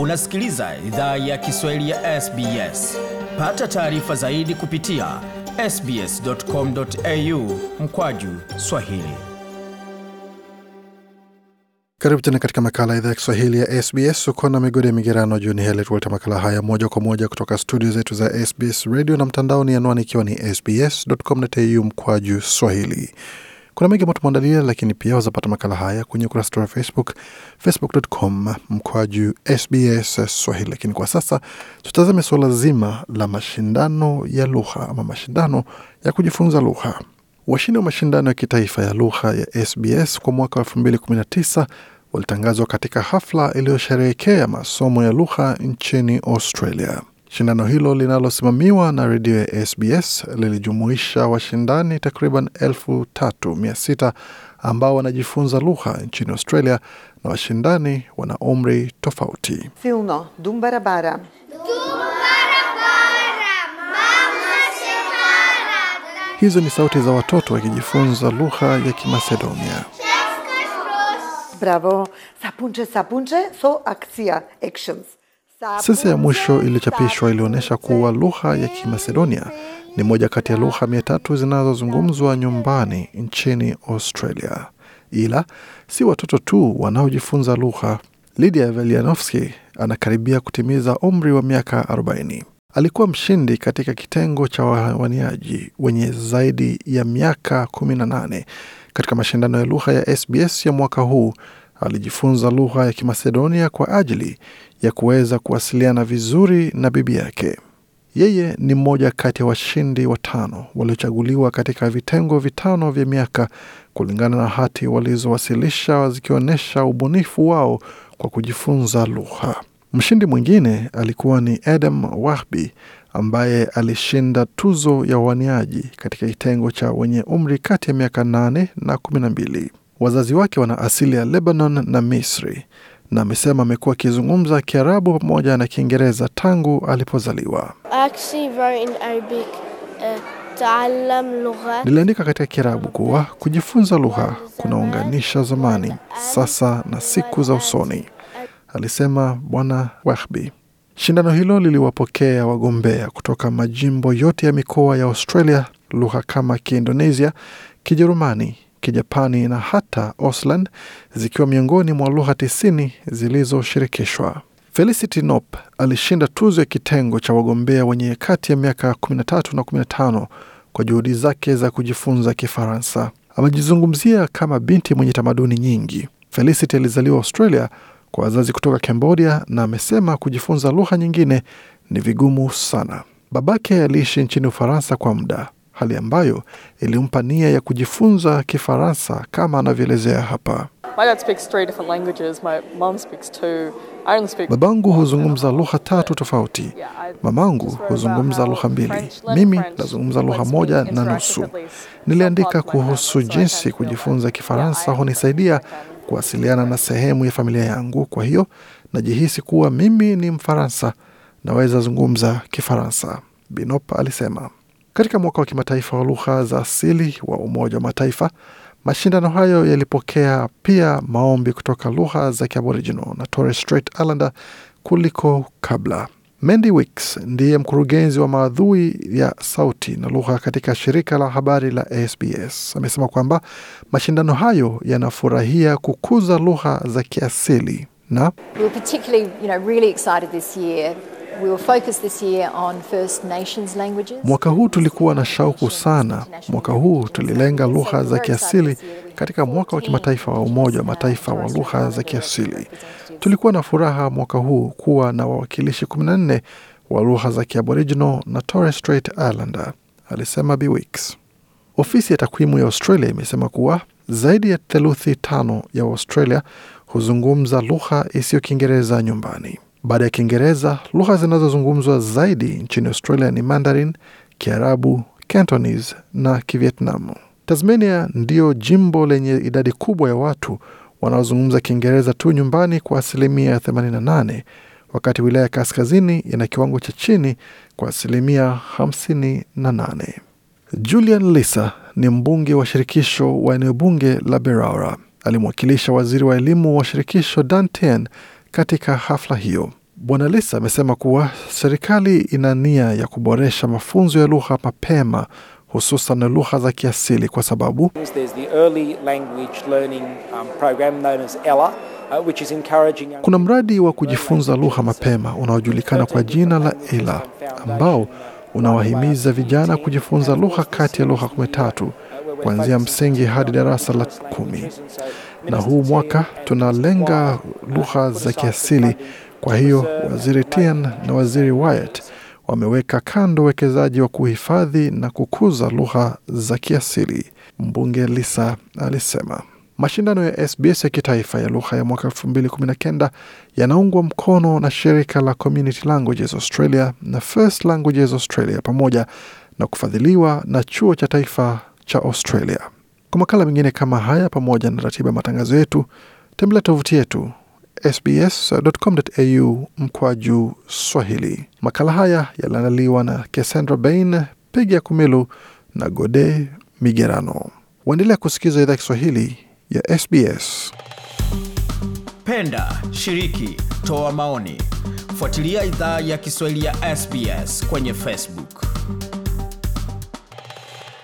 Unasikiliza idhaa ya Kiswahili ya SBS. Pata taarifa zaidi kupitia sbs.com.au mkwaju swahili. Karibu tena katika makala idhaa ya Kiswahili ya SBS. Uko na migodi ya migerano juni hele, makala haya moja kwa moja kutoka studio zetu za SBS radio na mtandaoni, anwani ikiwa ni sbs.com.au mkwaju swahili. Kuna mengi ambayo tumeandalia, lakini pia wazapata makala haya kwenye ukurasa wa Facebook, facebook.com mkwaju SBS Swahili. Lakini kwa sasa tutazame suala zima la mashindano ya lugha ama mashindano ya kujifunza lugha. Washindi wa mashindano ya kitaifa ya lugha ya SBS kwa mwaka wa 2019 walitangazwa katika hafla iliyosherehekea masomo ya lugha nchini Australia. Shindano hilo linalosimamiwa na redio ya SBS lilijumuisha washindani takriban elfu tatu mia sita ambao wanajifunza lugha nchini Australia na washindani wana umri tofauti. Filno Hizo ni sauti za watoto wakijifunza lugha ya Kimasedonia. Bravo, sapunche sapunche, so aksia actions Sensa ya mwisho iliyochapishwa ilionyesha kuwa lugha ya Kimasedonia ni moja kati ya lugha mia tatu zinazozungumzwa nyumbani nchini Australia, ila si watoto tu wanaojifunza lugha. Lidia Velianovski anakaribia kutimiza umri wa miaka 40. Alikuwa mshindi katika kitengo cha wawaniaji wenye zaidi ya miaka 18 katika mashindano ya lugha ya SBS ya mwaka huu alijifunza lugha ya Kimasedonia kwa ajili ya kuweza kuwasiliana vizuri na bibi yake. Yeye ni mmoja kati ya washindi watano waliochaguliwa katika vitengo vitano vya miaka kulingana na hati walizowasilisha zikionyesha ubunifu wao kwa kujifunza lugha. Mshindi mwingine alikuwa ni Adam Wahbi ambaye alishinda tuzo ya uaniaji katika kitengo cha wenye umri kati ya miaka nane na kumi na mbili. Wazazi wake wana asili ya Lebanon na Misri, na amesema amekuwa akizungumza Kiarabu pamoja na Kiingereza tangu alipozaliwa. Uh, Niliandika katika Kiarabu kuwa kujifunza lugha kunaunganisha zamani, sasa na siku za usoni, alisema Bwana Wahbi. Shindano hilo liliwapokea wagombea kutoka majimbo yote ya mikoa ya Australia, lugha kama Kiindonesia, Kijerumani, Kijapani na hata Auslan zikiwa miongoni mwa lugha tisini zilizoshirikishwa. Felicity Nop alishinda tuzo ya kitengo cha wagombea wenye kati ya miaka 13 na 15 kwa juhudi zake za kujifunza Kifaransa. Amejizungumzia kama binti mwenye tamaduni nyingi. Felicity alizaliwa Australia kwa wazazi kutoka Cambodia na amesema kujifunza lugha nyingine ni vigumu sana. Babake aliishi nchini Ufaransa kwa muda hali ambayo ilimpa nia ya kujifunza Kifaransa kama anavyoelezea hapa. Babangu huzungumza lugha tatu tofauti. Mamangu huzungumza lugha mbili. Mimi nazungumza lugha moja na nusu. Niliandika kuhusu jinsi kujifunza Kifaransa hunisaidia kuwasiliana na sehemu ya familia yangu. Kwa hiyo najihisi kuwa mimi ni Mfaransa, naweza zungumza Kifaransa, Binop alisema. Katika mwaka wa kimataifa wa lugha za asili wa Umoja wa Mataifa, mashindano hayo yalipokea pia maombi kutoka lugha za Kiaboriginal na Torres Strait Islander kuliko kabla. Mandy Wicks ndiye mkurugenzi wa maadhui ya sauti na lugha katika shirika la habari la SBS. Amesema kwamba mashindano hayo yanafurahia kukuza lugha za kiasili na We will focus this year on First Nations languages. Mwaka huu tulikuwa na shauku sana. Mwaka huu tulilenga lugha za kiasili katika mwaka wa kimataifa wa Umoja wa Mataifa wa lugha za kiasili. Tulikuwa na furaha mwaka huu kuwa na wawakilishi 14 wa lugha za Kiaboriginal na Torres Strait Islander, alisema b Weeks. Ofisi ya takwimu ya Australia imesema kuwa zaidi ya theluthi tano ya Waustralia huzungumza lugha isiyo Kiingereza nyumbani. Baada ya Kiingereza, lugha zinazozungumzwa zaidi nchini Australia ni Mandarin, Kiarabu, Cantonese na Kivietnam. Tasmania ndiyo jimbo lenye idadi kubwa ya watu wanaozungumza Kiingereza tu nyumbani kwa asilimia 88, wakati wilaya ya kaskazini ina kiwango cha chini kwa asilimia 58. Julian Lisa ni mbunge wa shirikisho wa eneo bunge la Beraura. Alimwakilisha waziri wa elimu wa shirikisho Dantan katika hafla hiyo, Bwana Lisa amesema kuwa serikali ina nia ya kuboresha mafunzo ya lugha mapema, hususan lugha za kiasili kwa sababu um, uh, kuna mradi wa kujifunza lugha mapema unaojulikana kwa jina la ELA ambao unawahimiza vijana kujifunza lugha kati ya lugha 13 kuanzia msingi hadi darasa la kumi na huu mwaka tunalenga lugha za kiasili. Kwa hiyo waziri Tian na waziri Wyatt wameweka kando uwekezaji wa kuhifadhi na kukuza lugha za kiasili, mbunge Lisa alisema. Mashindano ya SBS ya kitaifa ya lugha ya mwaka 2019 yanaungwa mkono na shirika la Community Languages Australia na First Languages Australia pamoja na kufadhiliwa na chuo cha taifa cha Australia. Kwa makala mengine kama haya, pamoja na ratiba matangazo yetu, tembelea tovuti yetu sbs.com.au mkwaju Swahili. Makala haya yaliandaliwa na Cassandra Bain, Pegi ya Kumelu na Gode Migerano. Waendelea kusikiza idhaa Kiswahili ya SBS. Penda, shiriki, toa maoni, fuatilia idhaa ya Kiswahili ya SBS kwenye Facebook.